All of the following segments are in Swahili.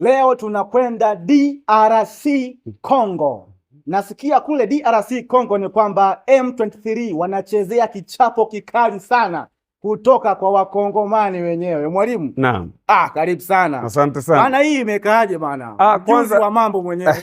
Leo tunakwenda DRC Congo. Nasikia kule DRC Congo ni kwamba M23 wanachezea kichapo kikali sana kutoka kwa wakongomani wenyewe. Mwalimu, naam. Ah, karibu sana, asante sana. Maana hii imekaaje bana? Ah, kwanza wa mambo mwenyewe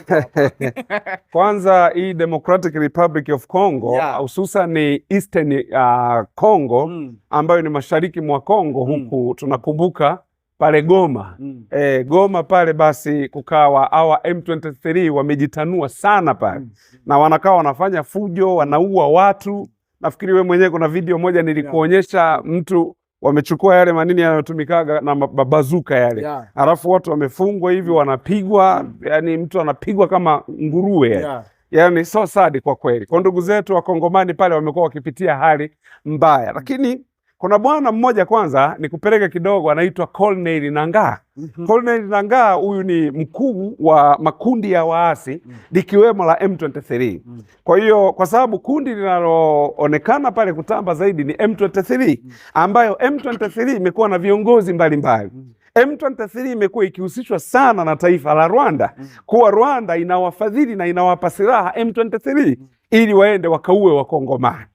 kwanza hii Democratic Republic of Congo hususan yeah. Eastern uh, Congo mm. ambayo ni mashariki mwa Congo mm. huku tunakumbuka pale Goma mm. eh, Goma pale basi kukawa awa M23 wamejitanua sana pale mm. na wanakaa wanafanya fujo, wanaua watu. Nafikiri we mwenyewe kuna video moja nilikuonyesha yeah. mtu wamechukua yale manini yanayotumikaga na babazuka yale yeah. alafu watu wamefungwa hivi mm. wanapigwa mm. yani mtu anapigwa kama nguruwe yani. Yeah. Yani so sad kwa kweli, kwa ndugu zetu Wakongomani pale wamekuwa wakipitia hali mbaya, mm. lakini kuna bwana mmoja kwanza, ni kupeleka kidogo, anaitwa Corneille Nangaa. mm -hmm. Corneille Nangaa huyu ni mkuu wa makundi ya waasi mhm. likiwemo mm -hmm. la M23. mm -hmm. Kwa hiyo kwa sababu kundi linaloonekana pale kutamba zaidi ni M23 mm -hmm. ambayo M23 imekuwa na viongozi mbalimbali mbali. mm -hmm. M23 imekuwa ikihusishwa sana na taifa la Rwanda mm. kuwa Rwanda inawafadhili na inawapa silaha M23 mm. ili waende wakaue Wakongomani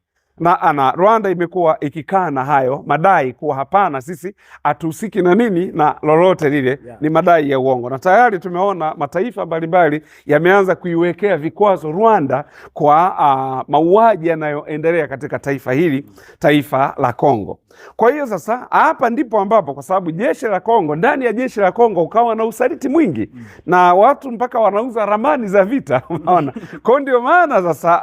maana Rwanda imekuwa ikikaa na hayo madai kuwa hapana, sisi hatuhusiki na nini na lolote lile yeah. Ni madai ya uongo, na tayari tumeona mataifa mbalimbali yameanza kuiwekea vikwazo Rwanda kwa uh, mauaji yanayoendelea katika taifa hili, taifa la Kongo. Kwa hiyo sasa hapa ndipo ambapo, kwa sababu jeshi la Kongo, ndani ya jeshi la Kongo ukawa na usaliti mwingi mm. na watu mpaka wanauza ramani za vita unaona. Kwa hiyo ndio maana sasa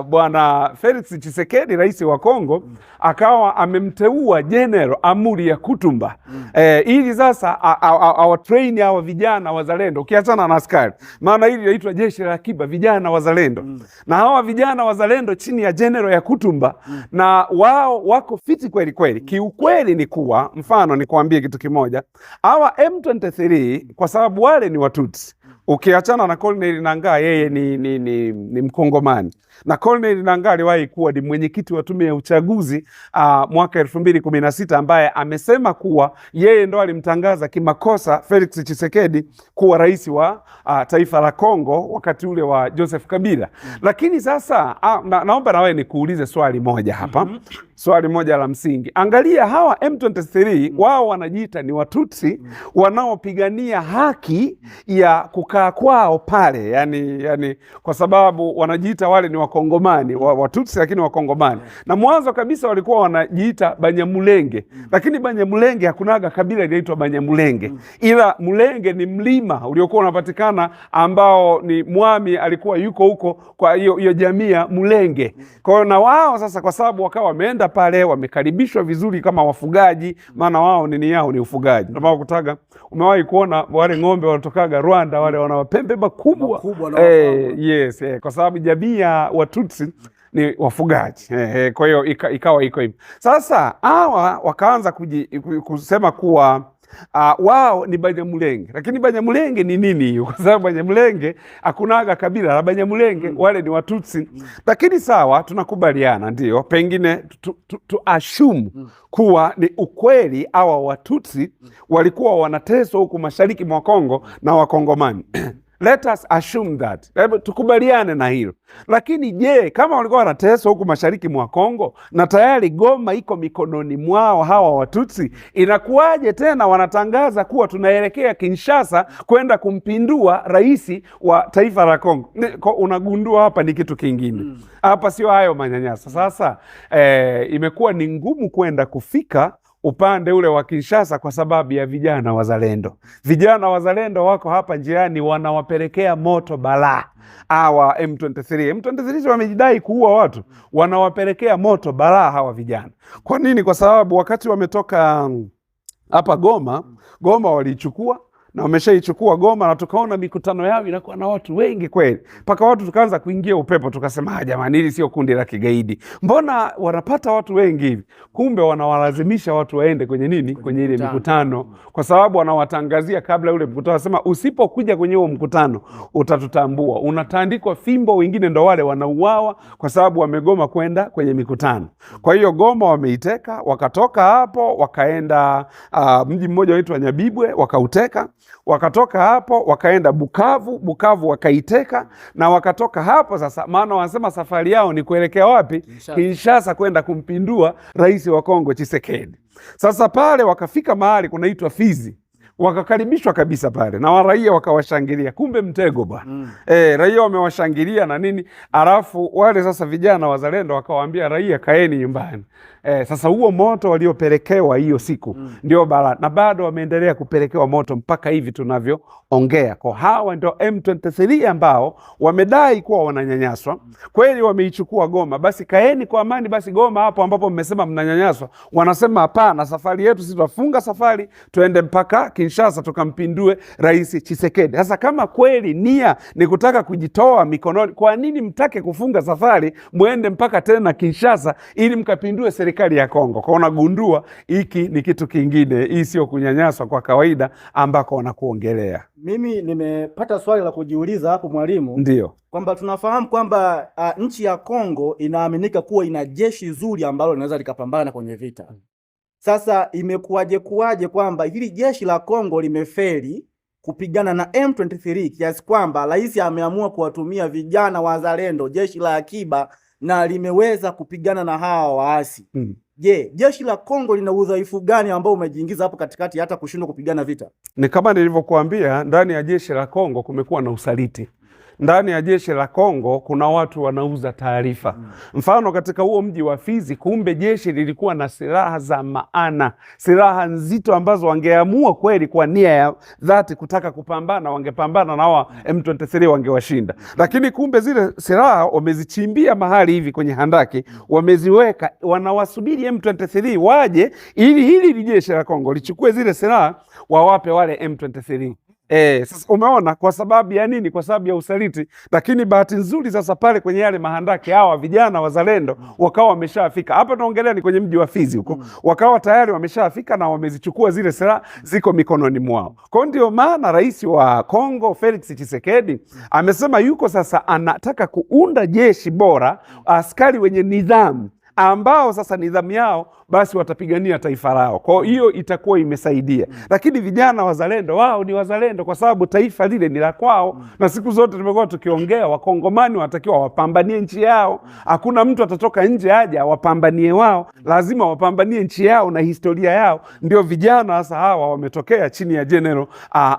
uh, bwana Felix Tshisekedi wakati rais wa Kongo akawa amemteua General Amuri ya Kutumba mm. Eh, e, ili sasa awatreini hawa vijana wazalendo, ukiachana na askari, maana hili linaitwa jeshi la akiba, vijana wazalendo mm. na hawa vijana wazalendo chini ya General ya Kutumba mm. na wao wako fiti kweli kweli. Kiukweli ni kuwa mfano, nikuambie kitu kimoja, hawa M23 kwa sababu wale ni Watutsi Ukiachana na Corneille Nangaa, yeye ni, ni, ni, ni Mkongomani na Corneille Nangaa aliwahi kuwa ni mwenyekiti wa tume ya uchaguzi uh, mwaka elfu mbili kumi na sita ambaye amesema kuwa yeye ndo alimtangaza kimakosa Felix Tshisekedi kuwa rais wa uh, taifa la congo wakati ule wa Joseph Kabila. mm -hmm. Lakini sasa uh, na, naomba nawe nikuulize swali moja hapa mm -hmm swali moja la msingi. Angalia hawa M23 mm. wao wanajiita ni Watutsi mm. wanaopigania haki ya kukaa kwao pale, yani, yani kwa sababu wanajiita wale ni Wakongomani wa, Watutsi lakini Wakongomani mm. na mwanzo kabisa walikuwa wanajiita Banyamulenge mm. lakini Banyamulenge hakunaga kabila linaitwa Banyamulenge mm. ila Mulenge ni mlima uliokuwa unapatikana ambao ni mwami alikuwa yuko huko, kwa hiyo hiyo jamii ya Mulenge. Mm. Kwa hiyo na wao sasa, kwa sababu wakawa wameenda wameenda pale wamekaribishwa vizuri kama wafugaji, maana wao nini yao ni ufugaji. Ndio maana kutaga, umewahi kuona wale ng'ombe wanatokaga Rwanda wale wana mapembe makubwa eh, yes eh, kwa sababu jamii ya Watutsi ni wafugaji eh, eh, kwa hiyo ikawa iko hivyo. Sasa hawa wakaanza kusema kuwa uh, wao ni Banyamulenge. Lakini Banyamulenge ni nini hiyo? Kwa sababu Banyamulenge hakunaga kabila la Banyamulenge mm. wale ni Watutsi mm. Lakini sawa, tunakubaliana ndio, pengine tu, tu, tu mm. kuwa ni ukweli awa Watutsi mm. walikuwa wanateswa huku mashariki mwa Kongo mm. na Wakongomani Let us assume that, hebu tukubaliane na hilo. Lakini je, kama walikuwa wanateswa huku mashariki mwa Kongo na tayari Goma iko mikononi mwao hawa Watutsi, inakuwaje tena wanatangaza kuwa tunaelekea Kinshasa kwenda kumpindua rais wa taifa la Kongo? Unagundua hapa ni kitu kingine mm. hapa, sio hayo manyanyasa. Sasa eh, imekuwa ni ngumu kwenda kufika upande ule wa Kinshasa kwa sababu ya vijana wazalendo. Vijana wazalendo wako hapa njiani, wanawapelekea moto balaa hawa M23. M23 wamejidai kuua watu, wanawapelekea moto balaa hawa vijana. Kwa nini? Kwa sababu wakati wametoka mm, hapa Goma, Goma waliichukua na wameshaichukua Goma, na tukaona mikutano yao inakuwa na watu wengi kweli, mpaka watu tukaanza kuingia upepo, tukasema ah, jamani, hili sio kundi la kigaidi, mbona wanapata watu wengi hivi? Kumbe wanawalazimisha watu waende kwenye nini, kwenye ile mikutano, kwa sababu wanawatangazia kabla ule mkutano, wanasema usipokuja kwenye huo mkutano utatutambua, unatandikwa fimbo. Wengine ndo wale wanauawa kwa sababu wamegoma kwenda kwenye mikutano. Kwa hiyo Goma wameiteka, wakatoka hapo wakaenda uh, mji mmoja waitwa Nyabibwe wakauteka Wakatoka hapo wakaenda Bukavu, Bukavu wakaiteka, mm. na wakatoka hapo sasa, maana wanasema safari yao ni kuelekea wapi? Kinshasa, kwenda kumpindua rais wa Kongo Chisekedi. Sasa pale wakafika mahali kunaitwa Fizi wakakaribishwa kabisa pale na waraia wakawashangilia, kumbe mtego bwana mm. E, raia wamewashangilia na nini, alafu wale sasa vijana wazalendo wakawaambia raia, kaeni nyumbani. Eh, sasa huo moto waliopelekewa hiyo siku mm. ndio bala na bado wameendelea kupelekewa moto mpaka hivi tunavyoongea. Kwa hawa ndio M23 ambao wamedai kuwa wananyanyaswa mm. kweli wameichukua Goma, basi kaeni kwa amani basi Goma hapo ambapo mmesema mnanyanyaswa. Wanasema hapana, safari yetu sisi tunafunga safari tuende mpaka Kinshasa tukampindue Rais Chisekedi. Sasa kama kweli nia ni kutaka kujitoa mikononi, kwa nini mtake kufunga safari mwende mpaka tena Kinshasa ili mkapindue serikali serikali ya Kongo. Kwa unagundua hiki ni kitu kingine, hii sio kunyanyaswa kwa kawaida ambako wanakuongelea. Mimi nimepata swali la kujiuliza hapo mwalimu, ndio kwamba tunafahamu kwamba uh, nchi ya Kongo inaaminika kuwa ina jeshi zuri ambalo linaweza likapambana kwenye vita. Sasa imekuwaje kuwaje kwamba hili jeshi la Kongo limefeli kupigana na M23 kiasi kwamba rais ameamua kuwatumia vijana wazalendo, jeshi la akiba na limeweza kupigana na hawa waasi mm. Je, jeshi la Kongo lina udhaifu gani ambao umejiingiza hapo katikati hata kushindwa kupigana vita? Ni kama nilivyokuambia, ndani ya jeshi la Kongo kumekuwa na usaliti ndani ya jeshi la Kongo kuna watu wanauza taarifa mm. Mfano, katika huo mji wa Fizi, kumbe jeshi lilikuwa na silaha za maana, silaha nzito ambazo wangeamua kweli kwa nia ya dhati kutaka kupambana, wangepambana na M23 wangewashinda, lakini kumbe zile silaha wamezichimbia mahali hivi kwenye handaki, wameziweka, wanawasubiri M23 waje, ili hili jeshi la Kongo lichukue zile silaha wawape wale M23. E, sasa umeona kwa sababu ya nini? Kwa sababu ya usaliti. Lakini bahati nzuri sasa pale kwenye yale mahandaki hawa vijana wazalendo wakawa wameshafika. Hapa tunaongelea ni kwenye mji wa Fizi huko. Hmm. Wakawa tayari wameshafika na wamezichukua zile silaha ziko mikononi mwao. Kwa ndio maana rais wa Kongo Felix Tshisekedi hmm. amesema yuko sasa anataka kuunda jeshi bora, askari wenye nidhamu ambao sasa nidhamu yao basi watapigania taifa lao. Kwa mm. hiyo itakuwa imesaidia mm. Lakini vijana wazalendo, wao ni wazalendo kwa sababu taifa lile ni la kwao mm. Na siku zote tumekuwa tukiongea, wakongomani wanatakiwa wapambanie nchi yao. Mm. Hakuna mtu atatoka nje aje wapambanie wao, mm. lazima wapambanie nchi yao na historia yao. Ndio vijana sasa hawa wametokea chini ya General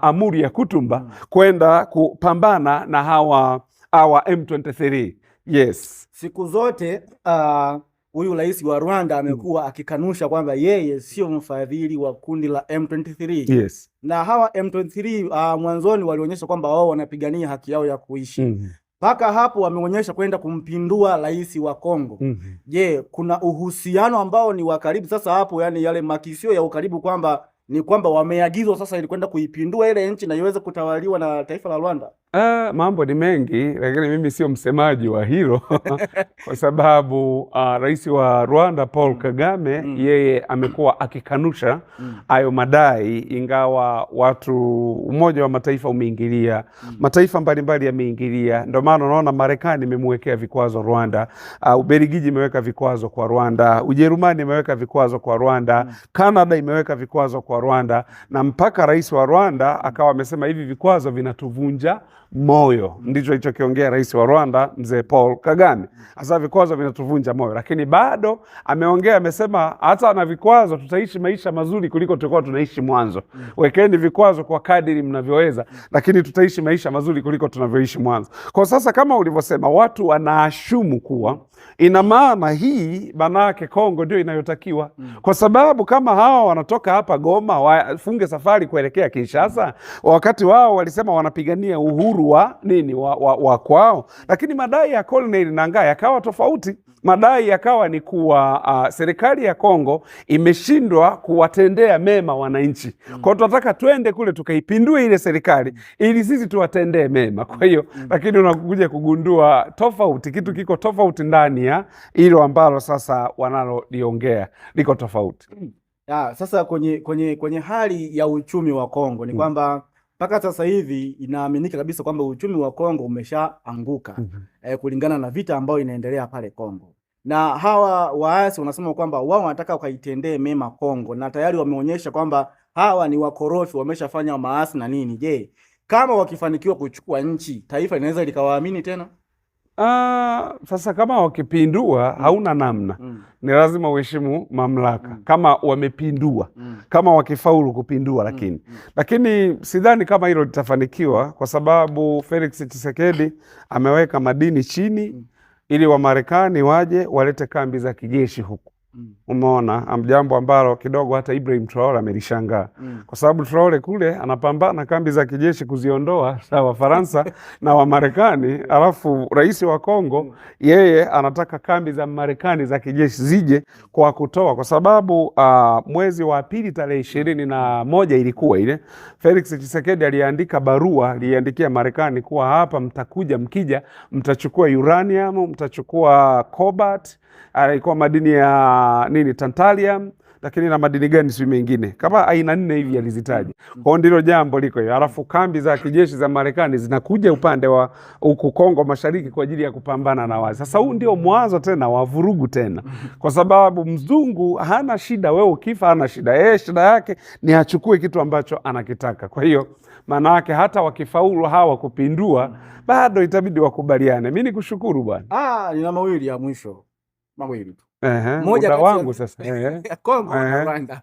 Amuri ya Kutumba kwenda kupambana na hawa hawa M23. Yes, siku zote uh huyu rais wa Rwanda hmm. amekuwa akikanusha kwamba yeye sio mfadhili wa kundi la M23. Yes. Na hawa M23 uh, ah, mwanzoni walionyesha kwamba wao wanapigania haki yao ya kuishi hmm. mpaka mm -hmm. hapo wameonyesha kwenda kumpindua rais wa Kongo. Hmm. Je, mm -hmm. yeah, kuna uhusiano ambao ni wa karibu sasa hapo, yani yale makisio ya ukaribu kwamba ni kwamba wameagizwa sasa ili kwenda kuipindua ile nchi na iweze kutawaliwa na taifa la Rwanda? Uh, mambo ni mengi lakini mimi sio msemaji wa hilo kwa sababu uh, rais wa Rwanda Paul mm. Kagame mm. yeye amekuwa akikanusha mm. ayo madai, ingawa watu Umoja wa Mataifa umeingilia mm. mataifa mbalimbali yameingilia. Ndio maana unaona Marekani imemwekea vikwazo Rwanda, uh, Ubelgiji imeweka vikwazo kwa Rwanda, Ujerumani imeweka vikwazo kwa Rwanda mm. Kanada imeweka vikwazo kwa Rwanda, na mpaka rais wa Rwanda akawa amesema hivi vikwazo vinatuvunja moyo, ndicho alichokiongea rais wa Rwanda mzee Paul Kagame. Hasa vikwazo vinatuvunja moyo, lakini bado ameongea, amesema hata na vikwazo tutaishi maisha mazuri kuliko tulikuwa tunaishi mwanzo. Wekeni vikwazo kwa kadiri mnavyoweza, lakini tutaishi maisha mazuri kuliko tunavyoishi mwanzo. Kwa sasa, kama ulivyosema, watu wanaashumu kuwa Ina maana hii manake Kongo ndio inayotakiwa mm. Kwa sababu kama hawa wanatoka hapa Goma wafunge safari kuelekea Kinshasa, wakati wao walisema wanapigania uhuru wa nini wa, wa, wa kwao, lakini madai ya Colonel Nangaa yakawa tofauti madai yakawa ni kuwa uh, serikali ya Kongo imeshindwa kuwatendea mema wananchi mm. Kwao tunataka twende kule tukaipindue ile serikali ili sisi tuwatendee mema. Kwa hiyo mm. mm. Lakini unakuja kugundua tofauti, kitu kiko tofauti ndani ya hilo ambalo sasa wanaloliongea liko tofauti mm. Ya, sasa kwenye, kwenye, kwenye hali ya uchumi wa Kongo ni mm. kwamba mpaka sasa hivi inaaminika kabisa kwamba uchumi wa Kongo umeshaanguka mm -hmm. eh, kulingana na vita ambayo inaendelea pale Kongo na hawa waasi wanasema kwamba wao wanataka wakaitendee mema Kongo, na tayari wameonyesha kwamba hawa ni wakorofi, wameshafanya maasi na nini. Je, kama wakifanikiwa kuchukua nchi, taifa linaweza likawaamini tena? Ah, sasa kama wakipindua mm. hauna namna mm. ni lazima uheshimu mamlaka mm. kama wamepindua mm. kama wakifaulu kupindua mm. lakini mm. lakini sidhani kama hilo litafanikiwa kwa sababu Felix Tshisekedi ameweka madini chini mm ili Wamarekani waje walete kambi za kijeshi huku mm. Umeona jambo ambalo kidogo hata Ibrahim Traore amelishangaa mm. kwa sababu Traore kule anapambana kambi za kijeshi kuziondoa na Wafaransa na Wamarekani, alafu rais wa Kongo mm. yeye anataka kambi za Marekani za kijeshi zije kwa kutoa, kwa sababu uh, mwezi wa pili tarehe ishirini na moja ilikuwa ile, Felix Tshisekedi aliandika barua, aliandikia Marekani kuwa hapa mtakuja, mkija mtachukua uranium, mtachukua cobalt, alikuwa ah, madini ya nini tantalium lakini na madini gani si mengine kama aina nne hivi alizitaja. Mm-hmm. Kwa hiyo ndilo jambo liko hiyo. Alafu kambi za kijeshi za Marekani zinakuja upande wa huku Kongo Mashariki kwa ajili ya kupambana na wazi. Sasa huu ndio mwanzo tena wa vurugu tena, mm-hmm. kwa sababu mzungu hana shida, wewe ukifa hana shida yeye, eh, shida yake ni achukue kitu ambacho anakitaka. Kwa hiyo maana yake hata wakifaulu hawa kupindua, mm-hmm. bado itabidi wakubaliane. Mimi nikushukuru bwana. Ah, nina mawili ya mwisho mawili tu muda wangu sasa Kongo na Rwanda.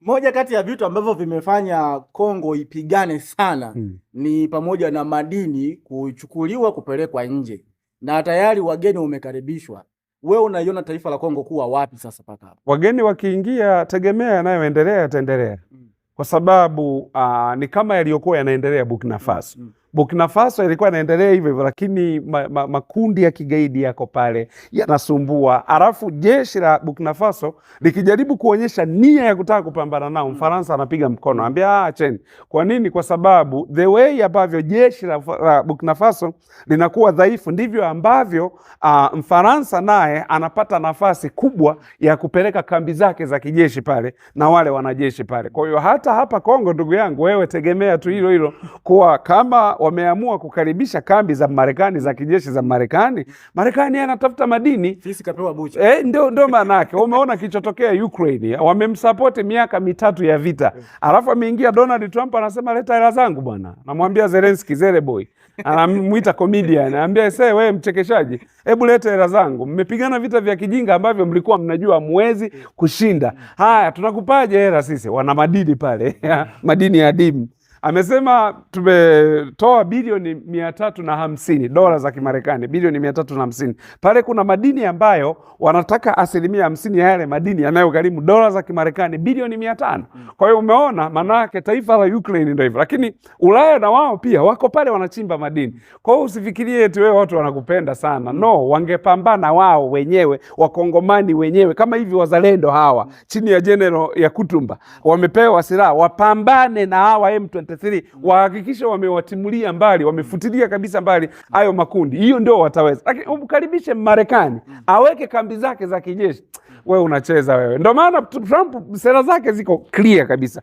Moja kati ya vitu ambavyo vimefanya Kongo ipigane sana hmm, ni pamoja na madini kuchukuliwa kupelekwa nje na tayari wageni wamekaribishwa. Wewe unaiona taifa la Kongo kuwa wapi sasa paka hapo? Wageni wakiingia, tegemea yanayoendelea yataendelea, hmm, kwa sababu aa, ah, ni kama yaliyokuwa yanaendelea Burkina hmm, Faso hmm. Hmm. Burkina Faso ilikuwa inaendelea hivyo hivyo, lakini ma, ma, makundi ya kigaidi yako pale yanasumbua, alafu jeshi la Burkina Faso likijaribu kuonyesha nia ya kutaka kupambana nao, Mfaransa anapiga mkono, ambia ah, acheni. Kwa nini? Kwa sababu the way ambavyo jeshi la, la Burkina Faso linakuwa dhaifu ndivyo ambavyo uh, Mfaransa naye anapata nafasi kubwa ya kupeleka kambi zake za kijeshi pale na wale wanajeshi pale. Kwa hiyo hata hapa Kongo, ndugu yangu wewe, tegemea tu hilo hilo kuwa kama wameamua kukaribisha kambi za Marekani za kijeshi za Marekani. Marekani anatafuta madini, sisi kapewa bucha eh, ndio ndio maana yake. Umeona kilichotokea Ukraine, wamemsapoti miaka mitatu ya vita, alafu ameingia Donald Trump anasema leta hela zangu bwana, namwambia Zelensky zere boy, anamwita comedian, anambia sasa wewe mchekeshaji, hebu lete hela zangu, mmepigana vita vya kijinga ambavyo mlikuwa mnajua mwezi kushinda. Haya, tunakupaje hela sisi? Wana madini pale madini ya dimu amesema tumetoa bilioni mia tatu na hamsini dola za Kimarekani, bilioni mia tatu na hamsini Pale kuna madini ambayo wanataka asilimia hamsini ya yale madini yanayogharimu dola za Kimarekani bilioni mia tano Kwa hiyo umeona, maanake taifa la Ukraine ndio hivyo, lakini Ulaya na wao pia wako pale wanachimba madini. Kwa hiyo usifikirie eti wewe watu wanakupenda sana, no, wangepambana wao wenyewe, wakongomani wenyewe kama hivi wazalendo hawa chini ya jenero ya Kutumba wamepewa silaha wapambane na hawa M23 2033 wahakikishe wamewatimulia mbali, wamefutilia kabisa mbali hayo makundi, hiyo ndio wataweza. Lakini umkaribishe Marekani aweke kambi zake za kijeshi, wewe unacheza wewe. ndo maana Trump sera zake ziko clear kabisa,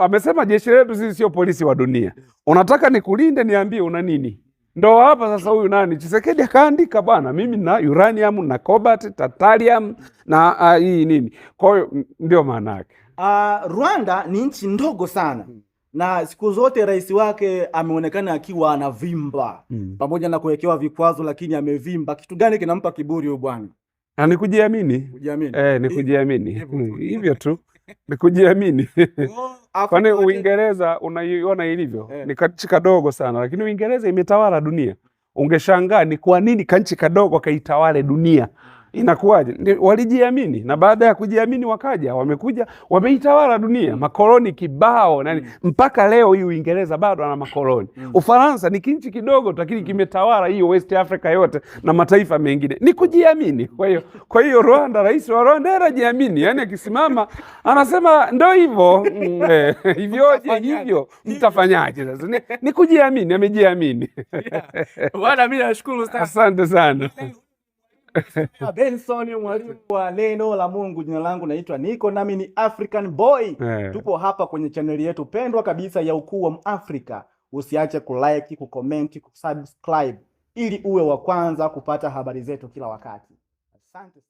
amesema jeshi letu sisi sio polisi wa dunia. Unataka nikulinde, niambie una nini? Ndo hapa sasa, huyu nani Chisekedi akaandika bwana, mimi na uranium na cobalt, tatarium na ah, hii uh, nini. Kwa hiyo ndio maana yake uh, Rwanda ni nchi ndogo sana hmm na siku zote rais wake ameonekana akiwa anavimba mm. pamoja na kuwekewa vikwazo, lakini amevimba. Kitu gani kinampa kiburi huyu bwana? Ah, ni kujiamini, Eh, ni kujiamini hivyo tu mm, ni kujiamini oh, kwani Uingereza unaiona ilivyo eh, ni kanchi kadogo sana, lakini Uingereza imetawala dunia. Ungeshangaa ni kwa nini kanchi kadogo kaitawale dunia. Inakuwaje? Walijiamini, na baada ya kujiamini wakaja, wamekuja wameitawala dunia, makoloni kibao nani. Mm. Mpaka leo hii Uingereza bado ana makoloni. Mm. Ufaransa ni kinchi kidogo, lakini kimetawala hiyo West Africa yote na mataifa mengine, ni kujiamini. Kwa hiyo kwa hiyo Rwanda, rais wa Rwanda anajiamini, yani akisimama anasema ndo hivyo mm, eh, hivyoje, hivyo mtafanyaje? Sasa ni kujiamini, amejiamini. Bwana, mimi nashukuru sana, asante sana. Benson mwalimu wa neno la Mungu. Jina langu naitwa Niko, nami ni African Boy yeah. Tupo hapa kwenye chaneli yetu pendwa kabisa ya Ukuu wa mafrika Usiache kulike, kucomment, kusubscribe ili uwe wa kwanza kupata habari zetu kila wakati. Asante.